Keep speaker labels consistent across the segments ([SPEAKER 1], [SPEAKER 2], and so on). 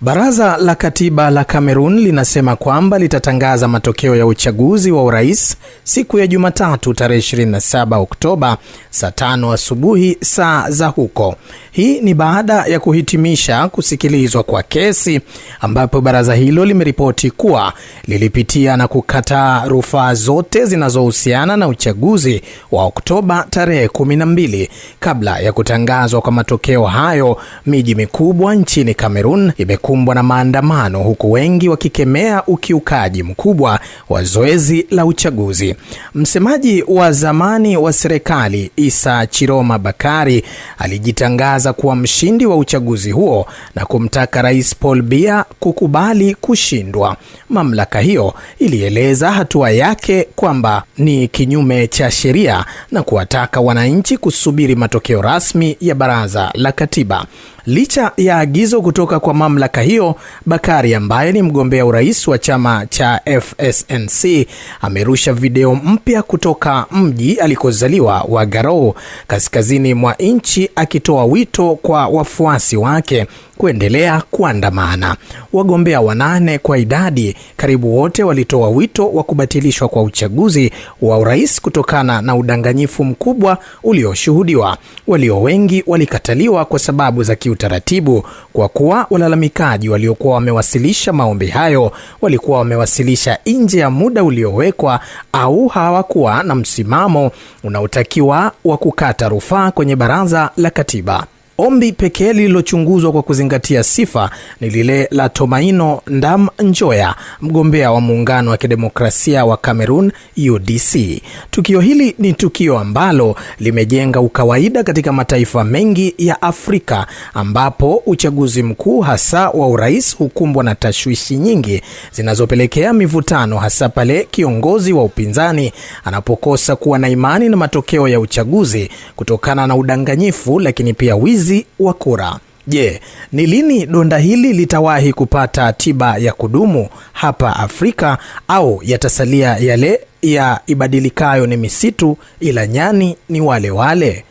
[SPEAKER 1] Baraza la Katiba la Kamerun linasema kwamba litatangaza matokeo ya uchaguzi wa urais siku ya Jumatatu tarehe 27 Oktoba saa tano asubuhi saa za huko. Hii ni baada ya kuhitimisha kusikilizwa kwa kesi ambapo baraza hilo limeripoti kuwa lilipitia na kukataa rufaa zote zinazohusiana na uchaguzi wa Oktoba tarehe 12. Kabla ya kutangazwa kwa matokeo hayo, miji mikubwa nchini Kamerun ime yamekumbwa na maandamano, huku wengi wakikemea ukiukaji mkubwa wa zoezi la uchaguzi. Msemaji wa zamani wa serikali Isa Chiroma Bakari alijitangaza kuwa mshindi wa uchaguzi huo na kumtaka Rais Paul Biya kukubali kushindwa. Mamlaka hiyo ilieleza hatua yake kwamba ni kinyume cha sheria na kuwataka wananchi kusubiri matokeo rasmi ya baraza la katiba. Licha ya agizo kutoka kwa mamlaka mamlaka hiyo Bakari ambaye ni mgombea urais wa chama cha FSNC amerusha video mpya kutoka mji alikozaliwa wa Garo kaskazini mwa nchi akitoa wito kwa wafuasi wake kuendelea kuandamana. Wagombea wanane kwa idadi karibu wote walitoa wito wa kubatilishwa kwa uchaguzi wa urais kutokana na udanganyifu mkubwa ulioshuhudiwa. Walio wengi walikataliwa kwa sababu za kiutaratibu kwa kuwa walalamika washikaji waliokuwa wamewasilisha maombi hayo walikuwa wamewasilisha nje ya muda uliowekwa au hawakuwa na msimamo unaotakiwa wa kukata rufaa kwenye Baraza la Katiba. Ombi pekee lililochunguzwa kwa kuzingatia sifa ni lile la Tomaino Ndam Njoya, mgombea wa muungano wa kidemokrasia wa Cameroon UDC. Tukio hili ni tukio ambalo limejenga ukawaida katika mataifa mengi ya Afrika ambapo uchaguzi mkuu hasa wa urais hukumbwa na tashwishi nyingi zinazopelekea mivutano, hasa pale kiongozi wa upinzani anapokosa kuwa na imani na matokeo ya uchaguzi kutokana na udanganyifu, lakini pia wizi wizi wa kura. Je, ni lini donda hili litawahi kupata tiba ya kudumu hapa Afrika au yatasalia yale ya ibadilikayo ni misitu ila nyani ni wale wale?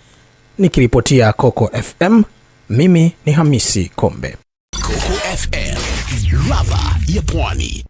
[SPEAKER 1] Nikiripotia Coco FM, mimi ni Hamisi Kombe, Coco FM, ladha ya Pwani.